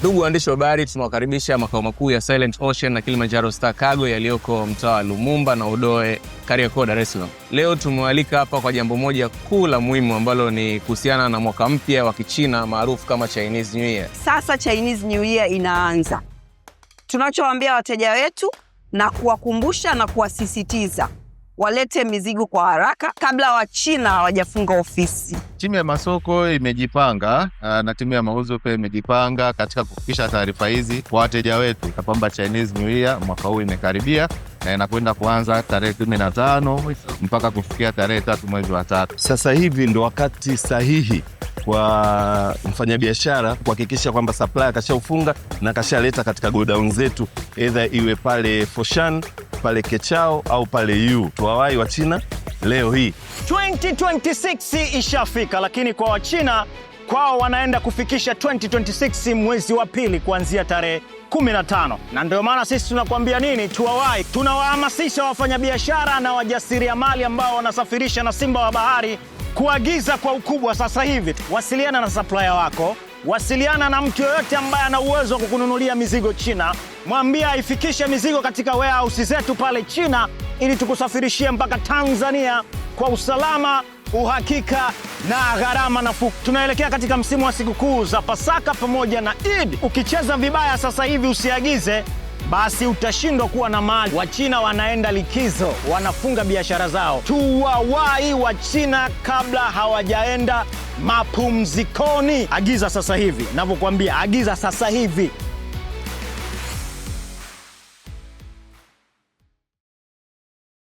Ndugu waandishi wa habari, tunawakaribisha makao makuu ya Silent Ocean na Kilimanjaro Star Cargo yaliyoko mtaa wa Lumumba na Udoe, Kariakoo, Dar es Salaam. Leo tumewalika hapa kwa jambo moja kuu la muhimu ambalo ni kuhusiana na mwaka mpya wa Kichina maarufu kama Chinese New Year. Sasa Chinese New Year inaanza, tunachowaambia wateja wetu na kuwakumbusha na kuwasisitiza walete mizigo kwa haraka kabla Wachina hawajafunga ofisi. Timu ya masoko imejipanga ah, na timu ya mauzo pia imejipanga katika kufikisha taarifa hizi kwa wateja wetu na kwamba Chinese New Year mwaka huu imekaribia eh, na inakwenda kuanza tarehe kumi na tano mpaka kufikia tarehe tatu mwezi wa tatu. Sasa hivi ndo wakati sahihi kwa mfanyabiashara kuhakikisha kwamba supply akashaufunga na akashaleta katika godown zetu, edha iwe pale Foshan pale Kechao au pale yu tuwawai wa China leo hii. 2026 ishafika, lakini kwa Wachina kwao wanaenda kufikisha 2026 mwezi wa pili kuanzia tarehe 15, na ndio maana sisi tunakuambia nini, tuwawai. Tunawahamasisha wafanyabiashara na wajasiriamali ambao wanasafirisha na simba wa bahari kuagiza kwa ukubwa sasa hivi. Wasiliana na supplier wako Wasiliana na mtu yoyote ambaye ana uwezo wa kukununulia mizigo China, mwambie aifikishe mizigo katika warehouse zetu pale China ili tukusafirishie mpaka Tanzania kwa usalama, uhakika na gharama nafuu. Tunaelekea katika msimu wa sikukuu za Pasaka pamoja na Eid. Ukicheza vibaya sasa hivi usiagize basi utashindwa kuwa na mali. Wachina wanaenda likizo, wanafunga biashara zao. Tuwawai Wachina kabla hawajaenda mapumzikoni. Agiza sasa hivi, navyokuambia, agiza sasa hivi.